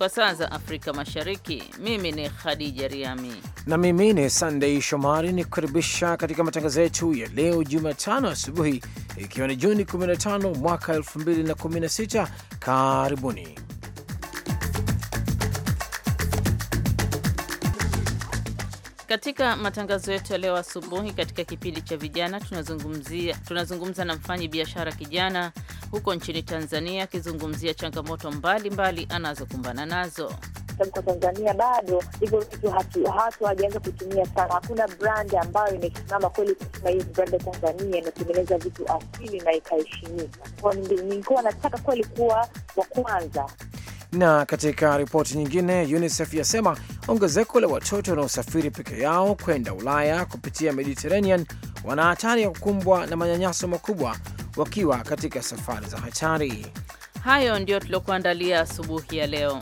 kwa saa za Afrika Mashariki. Mimi ni Khadija Riami na mimi ni sandei Shomari, ni kukaribisha katika matangazo yetu ya leo Jumatano asubuhi, ikiwa ni Juni 15 mwaka 2016. Karibuni. Katika matangazo yetu ya leo asubuhi, katika kipindi cha vijana, tunazungumzia tunazungumza na mfanyi biashara kijana huko nchini Tanzania akizungumzia changamoto mbalimbali anazokumbana nazo. Kwa Tanzania bado hivyo vitu hatu hajaanza kutumia sana. Hakuna brand ambayo imesimama kweli kusema hii brand ya Tanzania imetengeneza vitu asili na ikaheshimika. Nilikuwa nataka kweli kuwa wa kwanza. Na katika ripoti nyingine, UNICEF yasema ongezeko la watoto wanaosafiri peke yao kwenda Ulaya kupitia Mediterranean wana hatari ya kukumbwa na manyanyaso makubwa wakiwa katika safari za hatari. Hayo ndiyo tuliokuandalia asubuhi ya leo.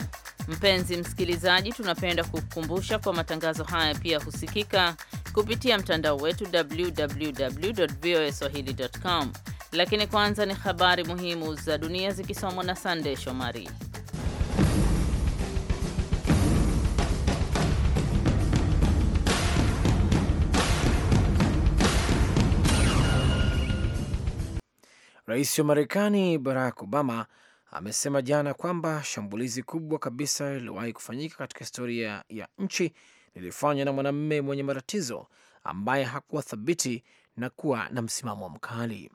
Mpenzi msikilizaji, tunapenda kukukumbusha kwa matangazo haya pia husikika kupitia mtandao wetu www www.voaswahili.com. Lakini kwanza ni habari muhimu za dunia zikisomwa na sandey Shomari. Rais wa Marekani Barack Obama amesema jana kwamba shambulizi kubwa kabisa liliwahi kufanyika katika historia ya nchi lilifanywa na mwanamume mwenye matatizo ambaye hakuwa thabiti na kuwa na msimamo mkali.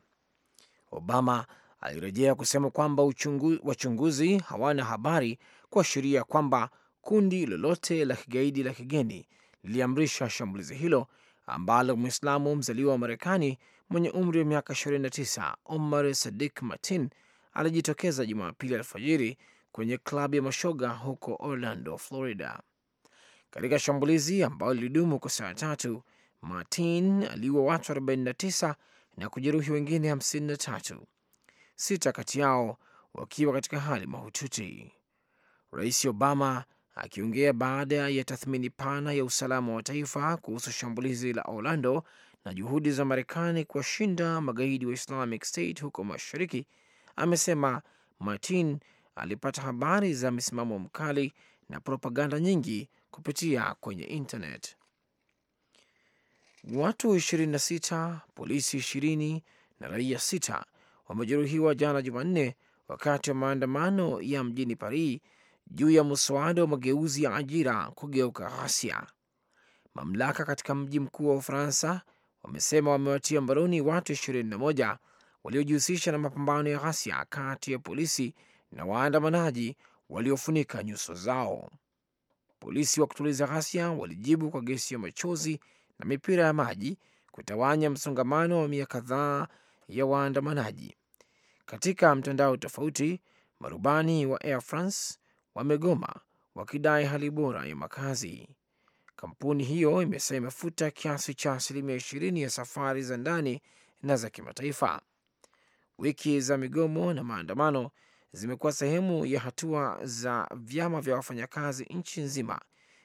Obama Alirejea kusema kwamba uchungu, wachunguzi hawana habari kuashiria kwamba kundi lolote la kigaidi la kigeni liliamrisha shambulizi hilo ambalo Mwislamu mzaliwa wa Marekani mwenye umri wa miaka 29 Omar Sadik Martin alijitokeza Jumapili alfajiri kwenye klabu ya mashoga huko Orlando, Florida. Katika shambulizi ambalo lilidumu kwa saa tatu, Martin aliua watu 49 na kujeruhi wengine 53 sita kati yao wakiwa katika hali mahututi. Rais Obama akiongea baada ya tathmini pana ya usalama wa taifa kuhusu shambulizi la Orlando na juhudi za Marekani kuwashinda magaidi wa Islamic State huko mashariki, amesema Martin alipata habari za msimamo mkali na propaganda nyingi kupitia kwenye internet. Watu 26, polisi 20 na raia 6 wamejeruhiwa jana Jumanne wakati wa maandamano ya mjini Paris juu ya mswada wa mageuzi ya ajira kugeuka ghasia. Mamlaka katika mji mkuu wa Ufaransa wamesema wamewatia mbaroni watu 21 waliojihusisha na mapambano ya ghasia kati ya polisi na waandamanaji waliofunika nyuso zao. Polisi wa kutuliza ghasia walijibu kwa gesi ya machozi na mipira ya maji kutawanya msongamano wa mia kadhaa ya waandamanaji. Katika mtandao tofauti, marubani wa Air France wamegoma wakidai hali bora ya makazi. Kampuni hiyo imesema imefuta kiasi cha asilimia ishirini ya safari za ndani na za kimataifa. Wiki za migomo na maandamano zimekuwa sehemu ya hatua za vyama vya wafanyakazi nchi nzima,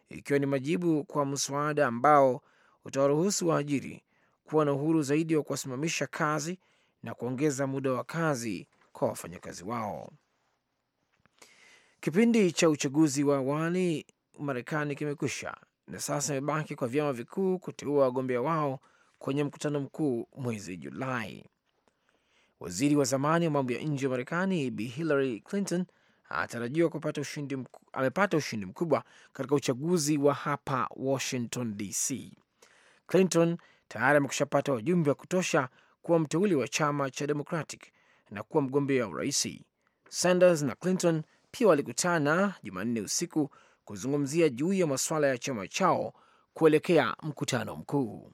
ikiwa ni majibu kwa mswada ambao utawaruhusu waajiri kuwa na uhuru zaidi wa kuwasimamisha kazi na kuongeza muda wa kazi kwa wafanyakazi wao. Kipindi cha uchaguzi wa awali Marekani kimekwisha na sasa imebaki kwa vyama vikuu kuteua wagombea wao kwenye mkutano mkuu mwezi Julai. Waziri wa zamani wa mambo ya nje wa Marekani Bi Hillary Clinton anatarajiwa kupata ushindi mku, amepata ushindi mkubwa katika uchaguzi wa hapa Washington DC. Clinton tayari amekushapata wajumbe wa kutosha kuwa mteuli wa chama cha Democratic na kuwa mgombea wa uraisi. Sanders na Clinton pia walikutana Jumanne usiku kuzungumzia juu ya masuala ya chama chao kuelekea mkutano mkuu.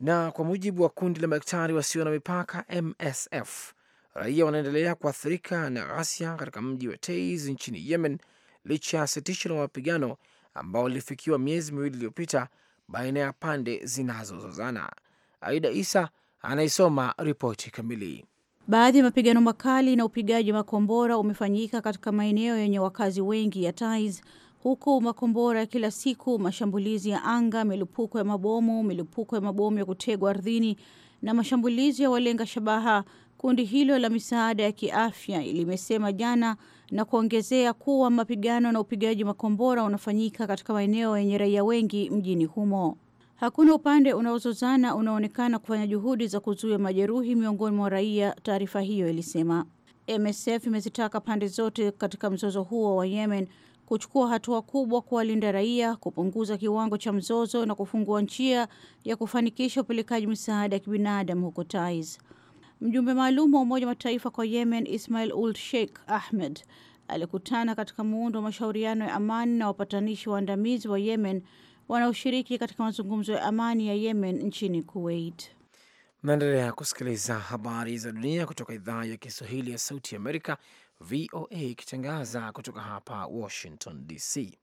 Na kwa mujibu wa kundi la madaktari wasio na mipaka MSF, raia wanaendelea kuathirika na ghasia katika mji wa Taiz nchini Yemen licha ya sitisho la mapigano ambao lilifikiwa miezi miwili iliyopita baina ya pande zinazozozana. Aida Isa anaisoma ripoti kamili. Baadhi ya mapigano makali na upigaji makombora umefanyika katika maeneo yenye wakazi wengi ya Tais, huku makombora ya kila siku, mashambulizi ya anga, milipuko ya mabomu, milipuko ya mabomu ya kutegwa ardhini na mashambulizi ya walenga shabaha. Kundi hilo la misaada ya kiafya limesema jana na kuongezea kuwa mapigano na upigaji makombora unafanyika katika maeneo yenye raia wengi mjini humo. Hakuna upande unaozozana unaonekana kufanya juhudi za kuzuia majeruhi miongoni mwa raia, taarifa hiyo ilisema. MSF imezitaka pande zote katika mzozo huo wa Yemen kuchukua hatua kubwa kuwalinda raia, kupunguza kiwango cha mzozo na kufungua njia ya kufanikisha upelekaji misaada ya kibinadamu huko Taiz. Mjumbe maalum wa Umoja wa Mataifa kwa Yemen Ismail Ul Sheikh Ahmed alikutana katika muundo wa mashauriano ya amani na wapatanishi waandamizi wa Yemen wanaoshiriki katika mazungumzo ya amani ya Yemen nchini Kuwait. Naendelea kusikiliza habari za dunia kutoka idhaa ya Kiswahili ya Sauti ya Amerika, VOA, ikitangaza kutoka hapa Washington DC.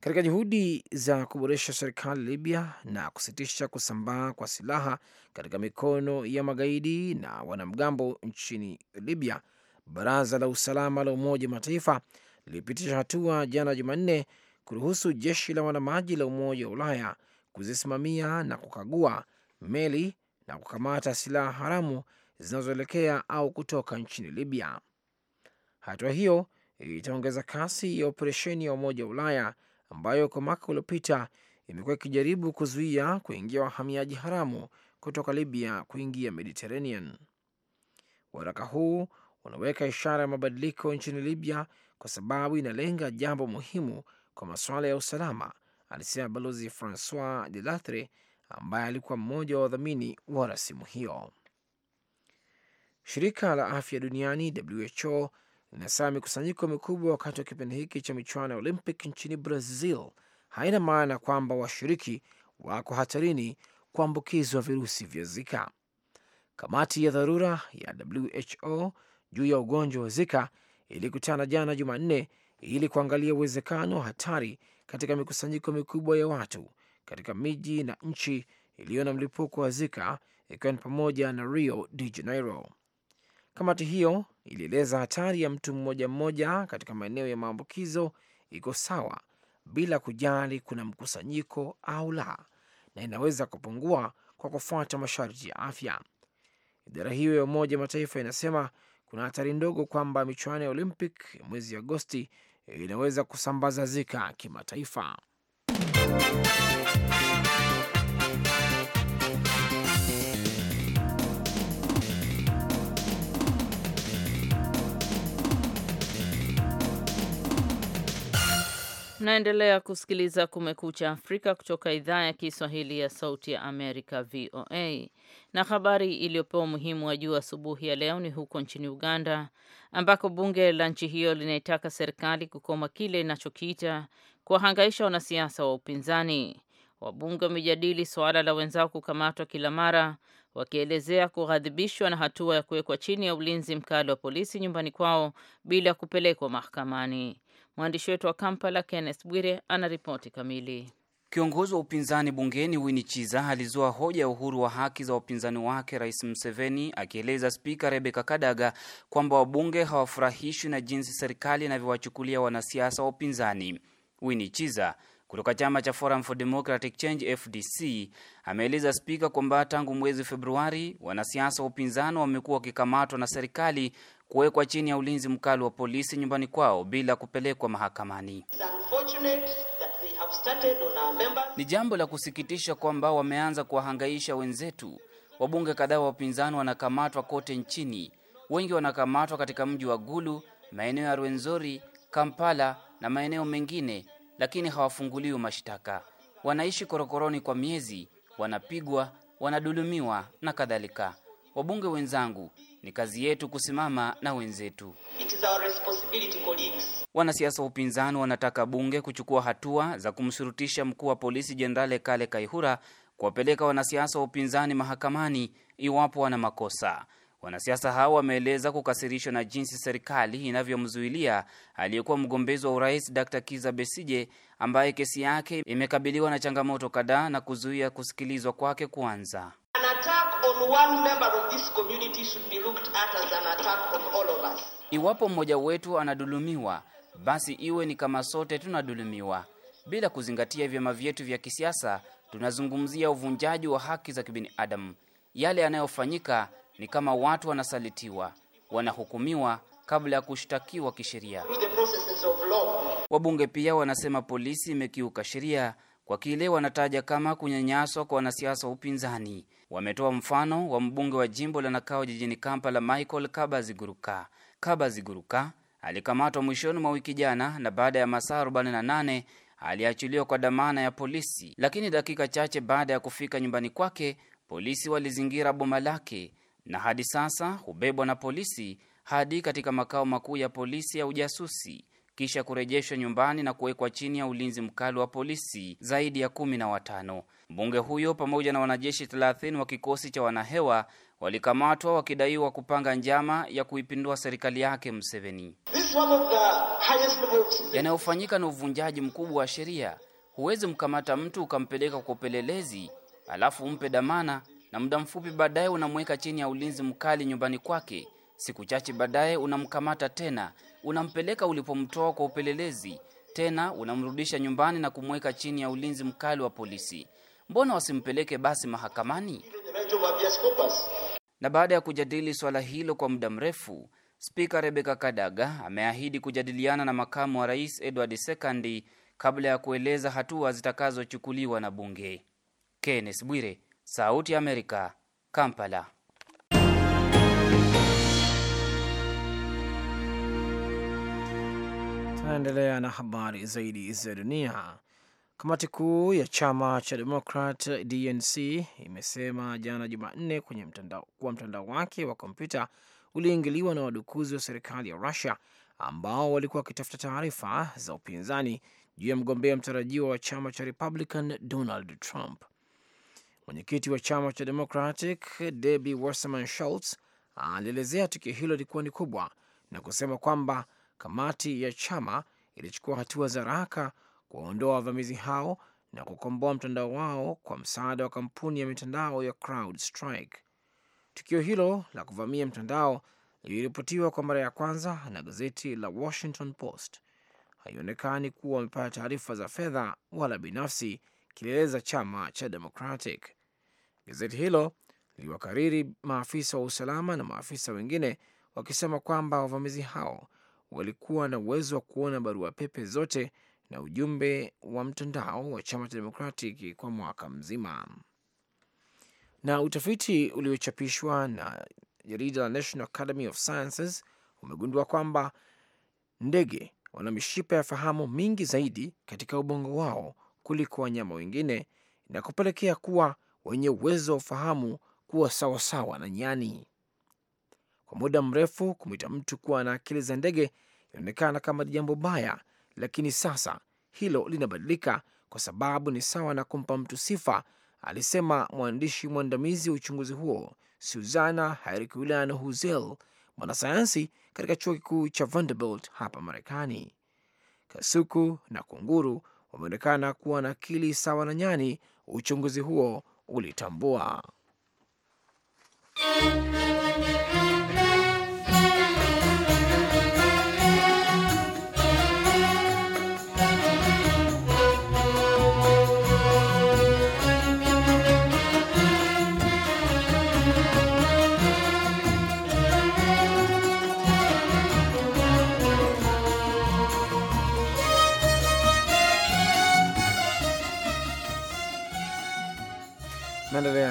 Katika juhudi za kuboresha serikali Libya na kusitisha kusambaa kwa silaha katika mikono ya magaidi na wanamgambo nchini Libya, baraza la usalama la Umoja wa Mataifa lilipitisha hatua jana Jumanne kuruhusu jeshi la wanamaji la Umoja wa Ulaya kuzisimamia na kukagua meli na kukamata silaha haramu zinazoelekea au kutoka nchini Libya. Hatua hiyo itaongeza kasi ya operesheni ya Umoja wa Ulaya ambayo kwa mwaka uliopita imekuwa ikijaribu kuzuia kuingia wahamiaji haramu kutoka Libya kuingia Mediterranean. Waraka huu unaweka ishara ya mabadiliko nchini Libya kwa sababu inalenga jambo muhimu kwa masuala ya usalama, alisema Balozi Francois de Latre ambaye alikuwa mmoja wa wadhamini wa rasimu hiyo. Shirika la afya duniani WHO linasema mikusanyiko mikubwa wakati wa kipindi hiki cha michuano ya Olympic nchini Brazil haina maana kwamba washiriki wako hatarini kuambukizwa virusi vya Zika. Kamati ya dharura ya WHO juu ya ugonjwa wa Zika ilikutana jana Jumanne ili kuangalia uwezekano wa hatari katika mikusanyiko mikubwa ya watu katika miji na nchi iliyo na mlipuko wa Zika ikiwa ni pamoja na Rio de Janeiro. Kamati hiyo ilieleza hatari ya mtu mmoja mmoja katika maeneo ya maambukizo iko sawa bila kujali kuna mkusanyiko au la, na inaweza kupungua kwa kufuata masharti ya afya. Idara hiyo ya Umoja Mataifa inasema kuna hatari ndogo kwamba michuano ya Olympic mwezi Agosti inaweza kusambaza Zika kimataifa. Mnaendelea kusikiliza Kumekucha Afrika kutoka idhaa ya Kiswahili ya Sauti ya Amerika, VOA. Na habari iliyopewa umuhimu wa juu asubuhi ya leo ni huko nchini Uganda, ambako bunge la nchi hiyo linaitaka serikali kukoma kile inachokiita kuwahangaisha wanasiasa wa upinzani. Wabunge wamejadili suala la wenzao kukamatwa kila mara, wakielezea kughadhibishwa na hatua ya kuwekwa chini ya ulinzi mkali wa polisi nyumbani kwao bila kupelekwa mahakamani. Mwandishi wetu wa Kampala, Kenneth Bwire, ana ripoti kamili. Kiongozi wa upinzani bungeni Winnie Chiza alizua hoja ya uhuru wa haki za wapinzani wake Rais Museveni, akieleza Spika rebeka Kadaga kwamba wabunge hawafurahishwi na jinsi serikali inavyowachukulia wanasiasa wa upinzani. Winnie Chiza kutoka chama cha Forum for Democratic Change FDC ameeleza spika kwamba tangu mwezi Februari wanasiasa wa upinzani wamekuwa wakikamatwa na serikali kuwekwa chini ya ulinzi mkali wa polisi nyumbani kwao bila kupelekwa mahakamani. Ni jambo la kusikitisha kwamba wameanza kuwahangaisha wenzetu. Wabunge kadhaa wa upinzani wanakamatwa kote nchini. Wengi wanakamatwa katika mji wa Gulu, maeneo ya Rwenzori, Kampala na maeneo mengine, lakini hawafunguliwi mashtaka. Wanaishi korokoroni kwa miezi, wanapigwa, wanadulumiwa na kadhalika. Wabunge wenzangu, ni kazi yetu kusimama na wenzetu. Wanasiasa wa upinzani wanataka bunge kuchukua hatua za kumshurutisha mkuu wa polisi Jenerali Kale Kaihura kuwapeleka wanasiasa wa upinzani mahakamani iwapo wana makosa. Wanasiasa hao wameeleza kukasirishwa na jinsi serikali inavyomzuilia aliyekuwa mgombezi wa urais Dr. Kiza Besije ambaye kesi yake imekabiliwa na changamoto kadhaa na kuzuia kusikilizwa kwake kuanza one member of this community should be looked at as an attack on all of us. Iwapo mmoja wetu anadulumiwa basi iwe ni kama sote tunadulumiwa bila kuzingatia vyama vyetu vya kisiasa. Tunazungumzia uvunjaji wa haki za kibinadamu. Yale yanayofanyika ni kama watu wanasalitiwa, wanahukumiwa kabla ya kushtakiwa kisheria. Wabunge pia wanasema polisi imekiuka sheria kwa kile wanataja kama kunyanyaswa kwa wanasiasa wa upinzani. Wametoa mfano wa mbunge wa jimbo la Nakao jijini Kampala, Michael Kabaziguruka. Kabaziguruka alikamatwa mwishoni mwa wiki jana na baada ya masaa 48 aliachiliwa kwa dhamana ya polisi, lakini dakika chache baada ya kufika nyumbani kwake polisi walizingira boma lake na hadi sasa hubebwa na polisi hadi katika makao makuu ya polisi ya ujasusi kisha kurejeshwa nyumbani na kuwekwa chini ya ulinzi mkali wa polisi zaidi ya kumi na watano. Mbunge huyo pamoja na wanajeshi 30 wa kikosi cha wanahewa walikamatwa wakidaiwa kupanga njama ya kuipindua serikali yake Museveni. Yanayofanyika ni uvunjaji mkubwa wa sheria. Huwezi mkamata mtu ukampeleka kwa upelelezi alafu umpe damana na muda mfupi baadaye unamweka chini ya ulinzi mkali nyumbani kwake. Siku chache baadaye unamkamata tena unampeleka ulipomtoa kwa upelelezi, tena unamrudisha nyumbani na kumweka chini ya ulinzi mkali wa polisi. Mbona wasimpeleke basi mahakamani? Na baada ya kujadili swala hilo kwa muda mrefu, Spika Rebeka Kadaga ameahidi kujadiliana na makamu wa rais Edward Sekandi kabla ya kueleza hatua zitakazochukuliwa na bunge. Kenneth Bwire, Sauti ya Amerika, Kampala. Tunaendelea na habari zaidi za dunia. Kamati kuu ya chama cha Demokrat DNC imesema jana Jumanne kwenye mtandao, kuwa mtandao wake wa kompyuta uliingiliwa na wadukuzi wa serikali ya Rusia ambao walikuwa wakitafuta taarifa za upinzani juu ya mgombea mtarajiwa wa chama cha Republican Donald Trump. Mwenyekiti wa chama cha Democratic Debbie Wasserman Schultz alielezea tukio hilo likuwa ni kubwa na kusema kwamba kamati ya chama ilichukua hatua za haraka kuwaondoa wavamizi hao na kukomboa mtandao wao kwa msaada wa kampuni ya mitandao ya CrowdStrike. Tukio hilo la kuvamia mtandao liliripotiwa kwa mara ya kwanza na gazeti la Washington Post. Haionekani kuwa wamepata taarifa za fedha wala binafsi, kilieleza chama cha Democratic. Gazeti hilo liliwakariri maafisa wa usalama na maafisa wengine wakisema kwamba wavamizi hao walikuwa na uwezo wa kuona barua pepe zote na ujumbe wa mtandao wa chama cha Demokratic kwa mwaka mzima. Na utafiti uliochapishwa na jarida la National Academy of Sciences umegundua kwamba ndege wana mishipa ya fahamu mingi zaidi katika ubongo wao kuliko wanyama wengine na kupelekea kuwa wenye uwezo wa ufahamu kuwa sawasawa na nyani. Kwa muda mrefu kumwita mtu kuwa na akili za ndege inaonekana kama ni jambo baya, lakini sasa hilo linabadilika kwa sababu ni sawa na kumpa mtu sifa, alisema mwandishi mwandamizi wa uchunguzi huo Suzana Herculano Huzel, mwanasayansi katika chuo kikuu cha Vanderbilt hapa Marekani. Kasuku na kunguru wameonekana kuwa na akili sawa na nyani, uchunguzi huo ulitambua.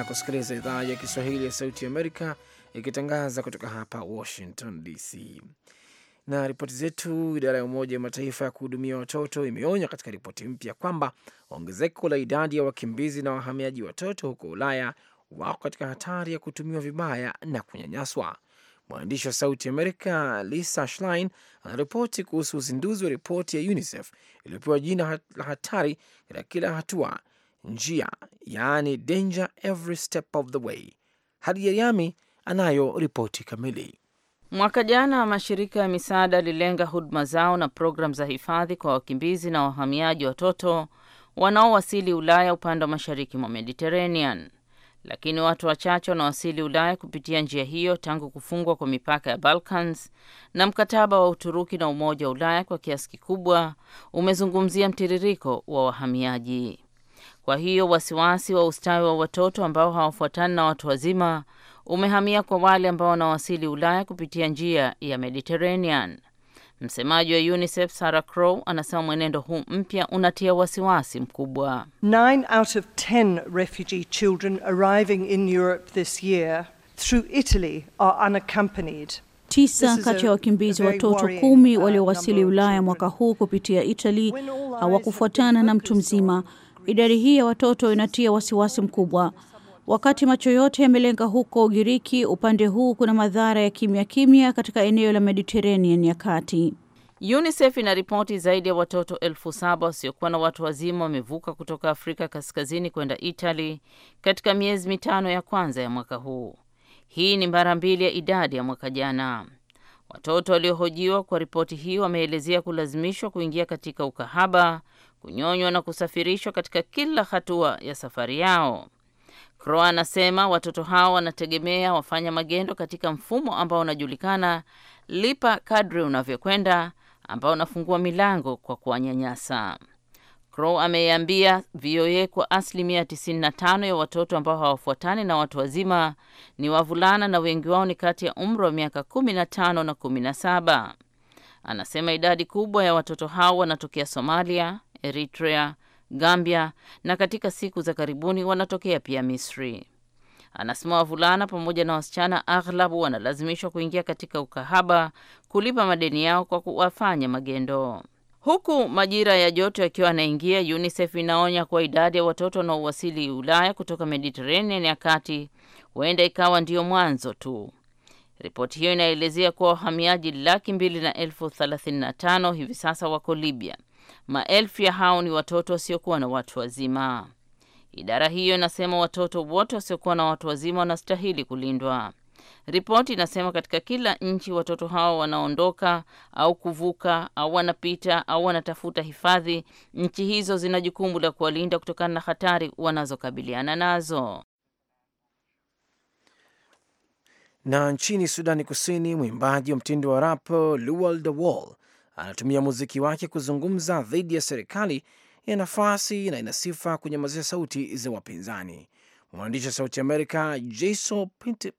kusikiliza idhaa ya Kiswahili ya Sauti Amerika ikitangaza kutoka hapa Washington DC. Na ripoti zetu, idara ya Umoja wa Mataifa ya kuhudumia watoto imeonya katika ripoti mpya kwamba ongezeko la idadi ya wakimbizi na wahamiaji watoto huko Ulaya wako katika hatari ya kutumiwa vibaya na kunyanyaswa. Mwandishi wa Sauti Amerika Lisa Schlein anaripoti kuhusu uzinduzi wa ripoti ya UNICEF iliyopewa jina la hatari katika kila hatua njia, yaani danger every step of the way. Hadija Riami anayo ripoti kamili. Mwaka jana mashirika ya misaada yalilenga huduma zao na programu za hifadhi kwa wakimbizi na wahamiaji watoto wanaowasili Ulaya upande wa mashariki mwa Mediterranean, lakini watu wachache wanawasili Ulaya kupitia njia hiyo tangu kufungwa kwa mipaka ya Balkans na mkataba wa Uturuki na Umoja wa Ulaya kwa kiasi kikubwa umezungumzia mtiririko wa wahamiaji. Kwa hiyo wasiwasi wa ustawi wa watoto ambao hawafuatani na watu wazima umehamia kwa wale ambao wanawasili Ulaya kupitia njia ya Mediterranean. Msemaji wa UNICEF Sarah Crow anasema mwenendo huu mpya unatia wasiwasi mkubwa. Nine out of ten refugee children arriving in Europe this year through Italy are unaccompanied. Tisa kati ya wakimbizi watoto kumi uh, waliowasili Ulaya mwaka huu kupitia Italy hawakufuatana na mtu mzima. Idadi hii ya watoto inatia wasiwasi mkubwa. Wakati macho yote yamelenga huko Ugiriki, upande huu kuna madhara ya kimya kimya katika eneo la Mediterranean ya kati. UNICEF ina ripoti zaidi ya watoto elfu saba wasiokuwa na watu wazima wamevuka kutoka Afrika kaskazini kwenda Italy katika miezi mitano ya kwanza ya mwaka huu. Hii ni mara mbili ya idadi ya mwaka jana. Watoto waliohojiwa kwa ripoti hii wameelezea kulazimishwa kuingia katika ukahaba, kunyonywa na kusafirishwa katika kila hatua ya safari yao. Croa anasema watoto hao wanategemea wafanya magendo katika mfumo ambao unajulikana lipa kadri unavyokwenda, ambao unafungua milango kwa kuwanyanyasa. Crow ameiambia VOA kwa asilimia 95 ya watoto ambao hawafuatani na watu wazima ni wavulana na wengi wao ni kati ya umri wa miaka 15 na 17. Anasema idadi kubwa ya watoto hao wanatokea Somalia, Eritrea, Gambia na katika siku za karibuni wanatokea pia Misri. Anasema wavulana pamoja na wasichana aghlabu wanalazimishwa kuingia katika ukahaba kulipa madeni yao kwa kuwafanya magendo. Huku majira ya joto yakiwa yanaingia, UNICEF inaonya kuwa idadi ya watoto wanaowasili Ulaya kutoka Mediterranean ya kati huenda ikawa ndiyo mwanzo tu. Ripoti hiyo inaelezea kuwa wahamiaji laki mbili na elfu thelathini na tano hivi sasa wako Libya, Maelfu ya hao ni watoto wasiokuwa na watu wazima. Idara hiyo inasema watoto wote wasiokuwa na watu wazima wanastahili kulindwa. Ripoti inasema katika kila nchi watoto hao wanaondoka au kuvuka au wanapita au wanatafuta hifadhi, nchi hizo zina jukumu la kuwalinda kutokana na hatari wanazokabiliana nazo. Na nchini Sudani Kusini, mwimbaji wa mtindo wa rap Lual The Wall anatumia muziki wake kuzungumza dhidi ya serikali, ya nafasi na ina sifa kunyamazia sauti za wapinzani. Mwandishi wa Sauti Amerika Jason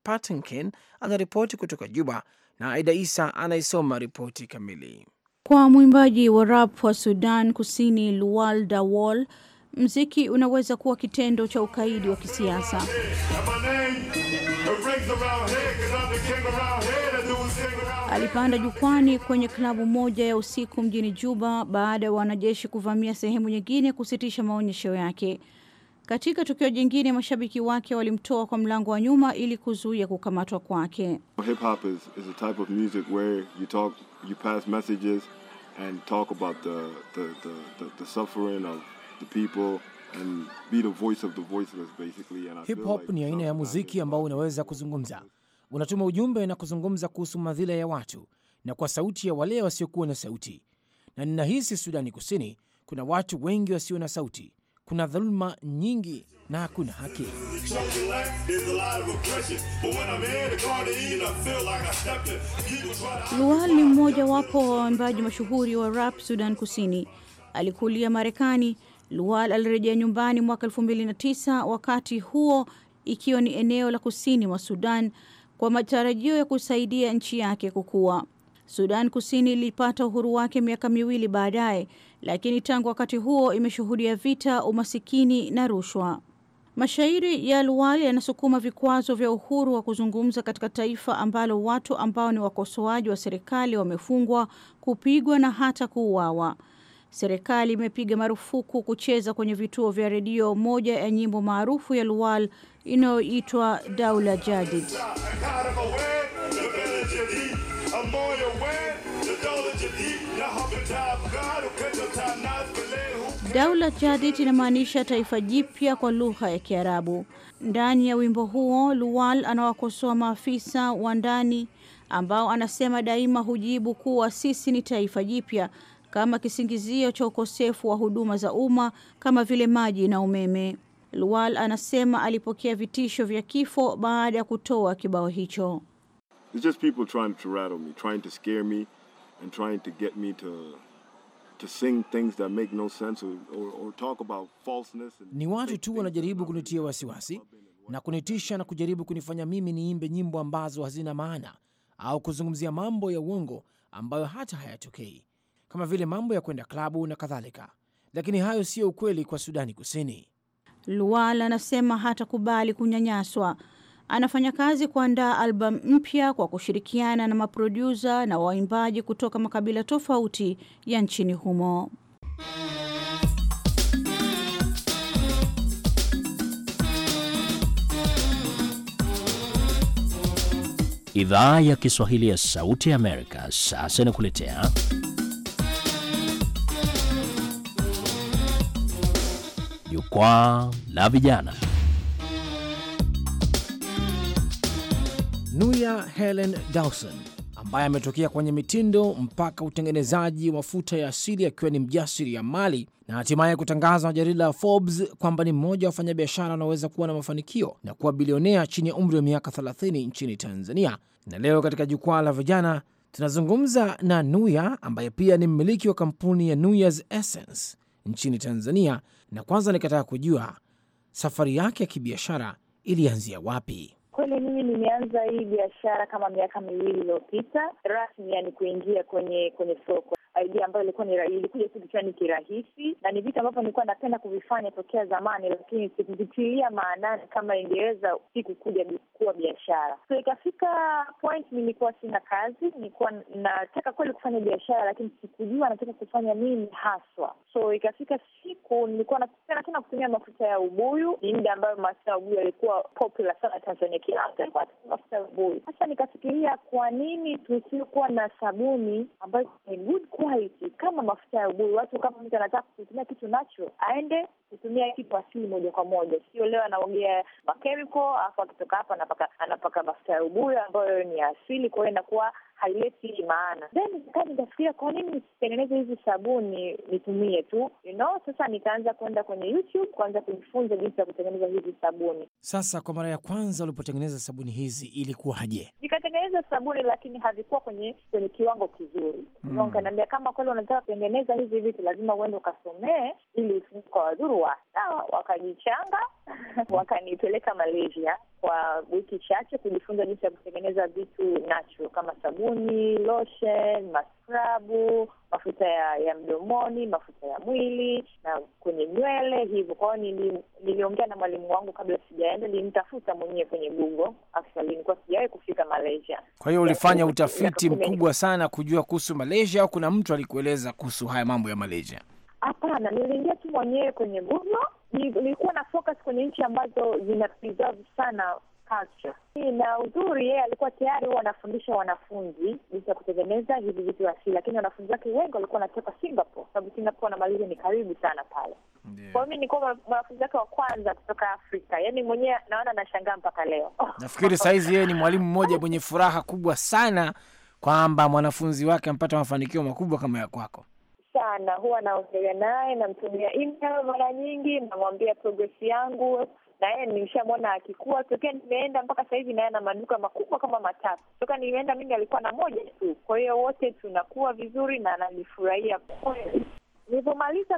Patinkin anaripoti kutoka Juba na Aida Isa anaisoma ripoti kamili. Kwa mwimbaji wa rap wa Sudan Kusini Luwal Dawal, mziki unaweza kuwa kitendo cha ukaidi wa kisiasa. alipanda jukwani kwenye klabu moja ya usiku mjini Juba baada ya wanajeshi kuvamia sehemu nyingine kusitisha maonyesho yake. Katika tukio jingine, mashabiki wake walimtoa kwa mlango wa nyuma ili kuzuia kukamatwa kwake. Hip hop is, is a type of music where you talk, you pass messages and talk about the, the, the, the, the suffering of the people and be the voice of the voiceless basically. And I hip hop like ni aina ya muziki ambao unaweza kuzungumza unatuma ujumbe na kuzungumza kuhusu madhila ya watu na kwa sauti ya wale wasiokuwa na sauti, na ninahisi Sudani Kusini kuna watu wengi wasio na sauti, kuna dhuluma nyingi na hakuna haki. Lual ni wapo wa waimbaji mashuhuri wa rap Sudan Kusini. Alikulia Marekani. Lual alirejea nyumbani mwaka 2009 wakati huo ikiwa ni eneo la kusini mwa Sudan kwa matarajio ya kusaidia nchi yake kukua. Sudan Kusini ilipata uhuru wake miaka miwili baadaye, lakini tangu wakati huo imeshuhudia vita, umasikini na rushwa. Mashairi ya Luwal yanasukuma vikwazo vya uhuru wa kuzungumza katika taifa ambalo watu ambao ni wakosoaji wa serikali wamefungwa, kupigwa na hata kuuawa. Serikali imepiga marufuku kucheza kwenye vituo vya redio moja ya nyimbo maarufu ya Luwal inayoitwa Daula Jadid. Daula Jadid inamaanisha taifa jipya kwa lugha ya Kiarabu. Ndani ya wimbo huo, Luwal anawakosoa maafisa wa ndani ambao anasema daima hujibu kuwa sisi ni taifa jipya kama kisingizio cha ukosefu wa huduma za umma kama vile maji na umeme. Lual anasema alipokea vitisho vya kifo baada ya kutoa kibao hicho. Ni watu tu wanajaribu kunitia wasiwasi na kunitisha na kujaribu kunifanya mimi niimbe nyimbo ambazo hazina maana au kuzungumzia mambo ya uongo ambayo hata hayatokei kama vile mambo ya kwenda klabu na kadhalika, lakini hayo siyo ukweli kwa Sudani Kusini. Luwal anasema hatakubali kunyanyaswa. Anafanya kazi kuandaa albamu mpya kwa kushirikiana na maprodyusa na waimbaji kutoka makabila tofauti ya nchini humo. Idhaa ya Kiswahili ya Sauti ya Amerika sasa inakuletea Jukwaa la Vijana. Nuya Helen Dawson ambaye ametokea kwenye mitindo mpaka utengenezaji wa mafuta ya asili akiwa ni mjasiri ya mali na hatimaye kutangazwa na jarida la Forbes kwamba ni mmoja wa wafanyabiashara wanaoweza kuwa na mafanikio na kuwa bilionea chini ya umri wa miaka 30 nchini Tanzania. Na leo katika jukwaa la vijana tunazungumza na Nuya ambaye pia ni mmiliki wa kampuni ya Nuya's Essence nchini Tanzania na kwanza nikataka kujua safari yake ya kibiashara ilianzia wapi? Kweli mimi nimeanza hii biashara kama miaka miwili iliyopita rasmi, yani kuingia kwenye kwenye soko idea ambayo ilikuwa ni ilikuja tu kichwani kirahisi, na ni vitu ambavyo nilikuwa napenda kuvifanya tokea zamani, lakini sikuvitilia maanani kama ingeweza siku kuja kuwa biashara. So ikafika point nilikuwa sina kazi, nilikuwa nataka kweli kufanya biashara, lakini sikujua nataka kufanya nini haswa. So ikafika siku nilikuwa napenda tena kutumia mafuta ya ubuyu. Ni muda ambayo mafuta ya ubuyu yalikuwa popular sana Tanzania, kila mtu alikuwa mafuta ya ubuyu. Sasa nikafikiria kwa nini tusiokuwa na sabuni ambayo ni good quality kama mafuta ya ubuyu. Watu kama mtu anataka kutumia kitu nacho aende kutumia kitu asili moja kwa moja, sio leo anaogea makemiko, alafu akitoka hapa anapaka anapaka mafuta ya ubuyu ambayo ni asili, kwa hiyo inakuwa haileti hili maana. Then nikaa nikafikiria kwa nini nisitengeneze hizi sabuni nitumie tu you know? Sasa nikaanza kwenda kwenye YouTube kuanza kujifunza jinsi ya kutengeneza hizi sabuni. Sasa kwa mara ya kwanza ulipotengeneza sabuni hizi haje? Nikatengeneza sabuni lakini havikuwa kwenye kwenye kiwango kizuri mm. Nikaniambia kama kweli unataka kutengeneza hizi vitu lazima uende ukasomee ili kwa wadhuru wa sawa. Wakajichanga wakanipeleka Malaysia kwa wiki chache kujifunza jinsi ya kutengeneza vitu natural kama sabuni, lotion, maskrabu, mafuta ya, ya mdomoni, mafuta ya mwili na kwenye nywele hivyo. Kwa hiyo niliongea na mwalimu wangu kabla sijaenda, nilimtafuta mwenyewe kwenye Google, actually nilikuwa sijawahi kufika Malaysia. Kwa hiyo ulifanya utafiti mkubwa sana kujua kuhusu Malaysia au kuna mtu alikueleza kuhusu haya mambo ya Malaysia? Hapana, niliingia tu mwenyewe kwenye Google nilikuwa na focus kwenye nchi ambazo zina preserve sana culture na uzuri, yeye alikuwa tayari huwa anafundisha wanafunzi jinsi ya kutengeneza hivi vitu asili, lakini wanafunzi wake wengi walikuwa wanatoka Singapore, sababu Singapore na Malaysia ni karibu sana pale. Yeah. Kwa mi nilikuwa mwanafunzi wake wa kwanza kutoka Afrika, yani mwenyewe naona anashangaa mpaka leo. Nafikiri sahizi yeye ni mwalimu mmoja mwenye furaha kubwa sana kwamba mwanafunzi wake amepata mafanikio makubwa kama ya kwako sana, huwa naongea naye, namtumia email mara nyingi, namwambia progress yangu na yeye nimeshamwona akikua tokea nimeenda mpaka sasa hivi, naye ana maduka makubwa kama matatu. Toka nimeenda mimi alikuwa na moja tu, kwa hiyo wote tunakuwa vizuri na ananifurahia kweli.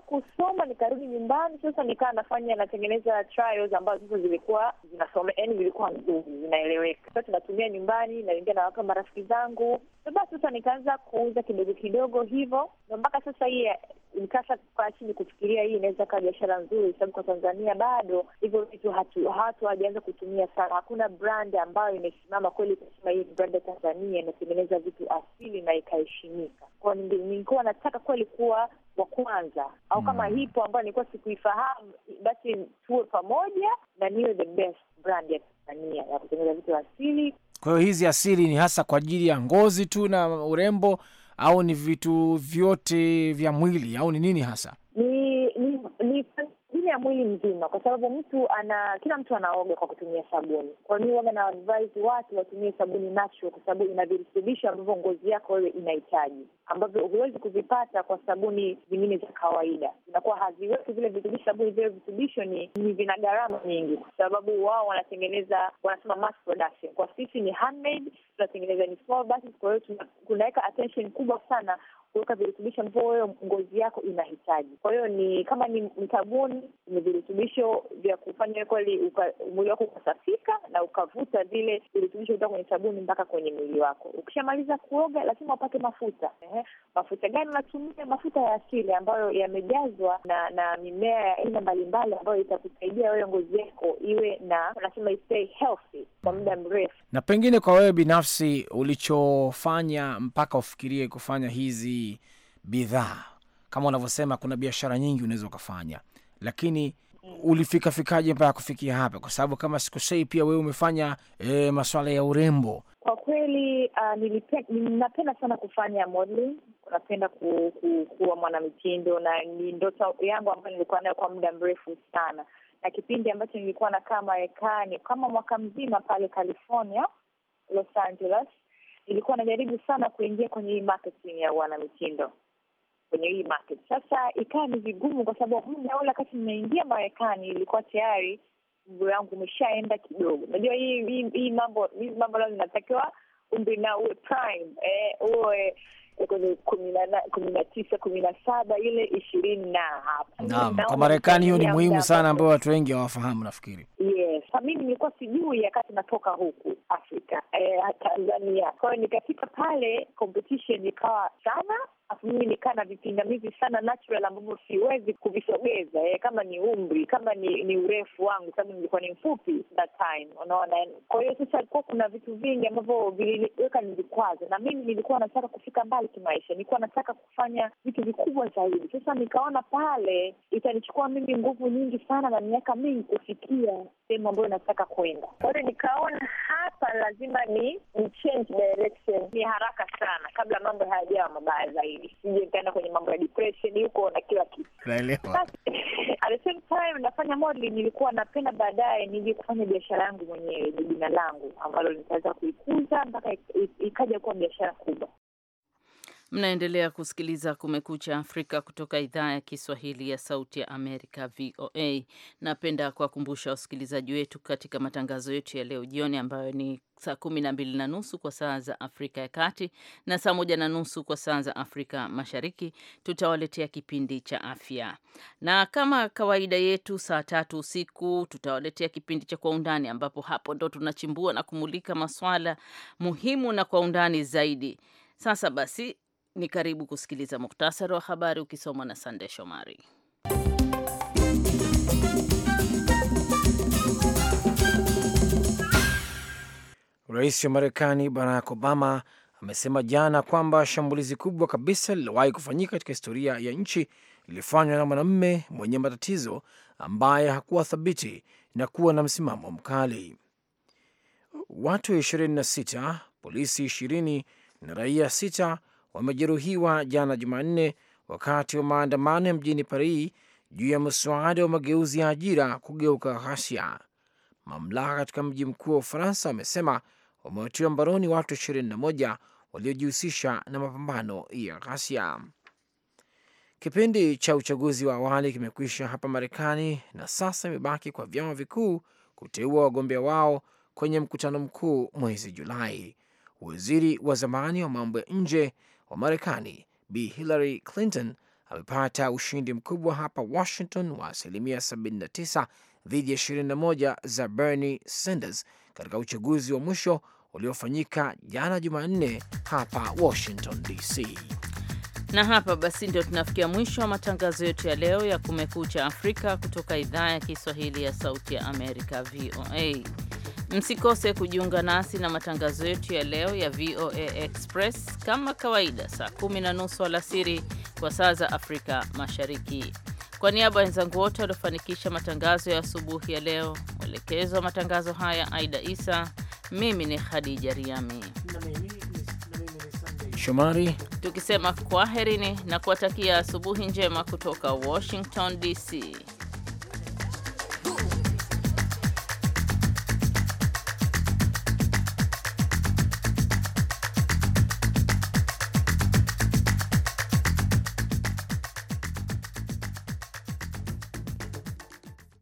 kusoma nikarudi nyumbani sasa, nikaa nafanya natengeneza trials ambazo sasa zilikuwa zinasome, yani zilikuwa nzuri, zinaeleweka. Sasa tunatumia nyumbani, naingia nawapa marafiki zangu basi sasa nikaanza kuuza kidogo kidogo hivyo, na mpaka sasa hii nikasa kwa chini kufikiria hii inaweza kaa biashara nzuri, sababu kwa Tanzania bado hivyo vitu hatu hawajaanza kutumia sana. Hakuna brand ambayo imesimama kweli kusema hii brand ya Tanzania inatengeneza vitu asili na ikaheshimika. Kwao nilikuwa nataka kweli kuwa wa kwanza au mm, kama hipo ambayo nilikuwa sikuifahamu, basi tuwe pamoja na niwe the best brand ya Tanzania ya kutengeneza vitu asili kwa hiyo hizi asili ni hasa kwa ajili ya ngozi tu na urembo, au ni vitu vyote vya mwili, au ni nini hasa? ni mwili mzima, kwa sababu mtu ana kila mtu anaoga kwa kutumia sabuni. Kwa hiyo waga na advise watu watumie sabuni natural, kwa sababu ina virutubisho ambavyo ngozi yako wewe inahitaji, ambavyo huwezi kuvipata kwa sabuni zingine za kawaida, zinakuwa haziweki vile virutubisho. Sabuni vile virutubisho ni, ni vina gharama nyingi, kwa sababu wao wanatengeneza, wanasema mass production. Kwa sisi ni handmade, tunatengeneza ni small batches, kwa hiyo tunaweka attention kubwa sana kuweka virutubisho ambavyo ngozi yako inahitaji. Kwa hiyo ni kama ni mtabuni, ni virutubisho vya kufanya kweli mwili wako ukasafika na ukavuta vile virutubisho kutoka kwenye sabuni mpaka kwenye mwili wako. Ukishamaliza kuoga, lazima upate mafuta. Ehe, mafuta gani unatumia? Mafuta ya asili ambayo yamejazwa na na mimea ya aina mbalimbali ambayo itakusaidia wewe ngozi yako iwe na unasema stay healthy kwa muda mrefu. Na pengine kwa wewe binafsi ulichofanya mpaka ufikirie kufanya hizi hii bidhaa. Kama unavyosema, kuna biashara nyingi unaweza ukafanya, lakini ulifikafikaje mpaka kufikia hapa? Kwa sababu kama sikosei, pia wewe umefanya e, maswala ya urembo. Kwa kweli, uh, ninapenda sana kufanya modeling, napenda ku, ku, kuwa mwanamitindo na ni ndoto yangu ambayo nilikuwa nayo kwa muda mrefu sana, na kipindi ambacho nilikuwa nakaa Marekani kama mwaka mzima pale California, Los Angeles ilikuwa najaribu sana kuingia kwenye hii marketing ya wanamitindo kwenye hii market. Sasa ikawa ni vigumu, kwa sababu muda ule wakati nimeingia Marekani ilikuwa tayari mguu yangu umeshaenda kidogo. Unajua hii hii mambo hizi mambo nao zinatakiwa umbi na uwe prime eh, uwe Eh, kwenye kumi na tisa kumi na saba ile ishirini na hapa. Naam, kwa Marekani hiyo ni muhimu sana, ambayo watu wengi hawafahamu nafikiri. Yes, mimi nilikuwa sijui wakati natoka huku Afrika, eh, Tanzania. Kwa hiyo nikafika pale competition ikawa sana alafu mimi nikana vipingamizi sana natural ambavyo siwezi kuvisogeza eh, kama ni umri, kama ni, ni urefu wangu, sababu nilikuwa ni mfupi that time, unaona. Kwa hiyo sasa ilikuwa kuna vitu vingi ambavyo viliweka ni vikwazo, na mimi nilikuwa nataka kufika mbali kimaisha, nilikuwa nataka kufanya vitu vikubwa zaidi. Sasa nikaona pale itanichukua mimi nguvu nyingi sana na miaka mingi kufikia sehemu ambayo nataka kwenda. Kwa hiyo nikaona hapa lazima ni, ni change direction, ni haraka sana kabla mambo hayajawa mabaya zaidi sije nikaenda kwenye mambo ya depression huko na kila kitu, naelewa. At the same time nafanya modeling, nilikuwa napenda baadaye nije kufanya biashara yangu mwenyewe, ni jina langu ambalo nitaweza kuikuza mpaka ikaja kuwa biashara kubwa. Mnaendelea kusikiliza Kumekucha Afrika kutoka idhaa ya Kiswahili ya Sauti ya Amerika, VOA. Napenda kuwakumbusha wasikilizaji wetu katika matangazo yetu ya leo jioni, ambayo ni saa kumi na mbili na nusu kwa saa za Afrika ya Kati na saa moja na nusu kwa saa za Afrika Mashariki. Tutawaletea kipindi cha afya, na kama kawaida yetu, saa tatu usiku tutawaletea kipindi cha Kwa Undani, ambapo hapo ndo tunachimbua na kumulika maswala muhimu na kwa undani zaidi. Sasa basi ni karibu kusikiliza muhtasari wa habari ukisomwa na Sande Shomari. Rais wa Marekani Barack Obama amesema jana kwamba shambulizi kubwa kabisa lililowahi kufanyika katika historia ya nchi lilifanywa na mwanamume mwenye matatizo ambaye hakuwa thabiti na kuwa na msimamo mkali. Watu 26, polisi 20 na raia wamejeruhiwa jana Jumanne wakati wa maandamano ya mjini Paris juu ya mswada wa mageuzi ya ajira kugeuka ghasia. Mamlaka katika mji mkuu wa Ufaransa wamesema wamewatiwa mbaroni watu 21 waliojihusisha na mapambano ya ghasia. Kipindi cha uchaguzi wa awali kimekwisha hapa Marekani na sasa imebaki kwa vyama vikuu kuteua wagombea wao kwenye mkutano mkuu mwezi Julai. Waziri wa zamani wa mambo ya nje wa Marekani Bi Hillary Clinton amepata ushindi mkubwa hapa Washington wa asilimia 79 dhidi ya 21 za Bernie Sanders katika uchaguzi wa mwisho uliofanyika jana Jumanne hapa Washington DC. Na hapa basi ndio tunafikia mwisho wa matangazo yetu ya leo ya Kumekucha Afrika kutoka idhaa ya Kiswahili ya Sauti ya Amerika, VOA. Msikose kujiunga nasi na matangazo yetu ya leo ya VOA Express kama kawaida, saa kumi na nusu alasiri kwa saa za Afrika Mashariki. Kwa niaba ya wenzangu wote waliofanikisha matangazo ya asubuhi ya leo, mwelekezo wa matangazo haya Aida Isa, mimi ni Khadija Riami Shomari, tukisema kwaherini na kuwatakia asubuhi njema kutoka Washington DC.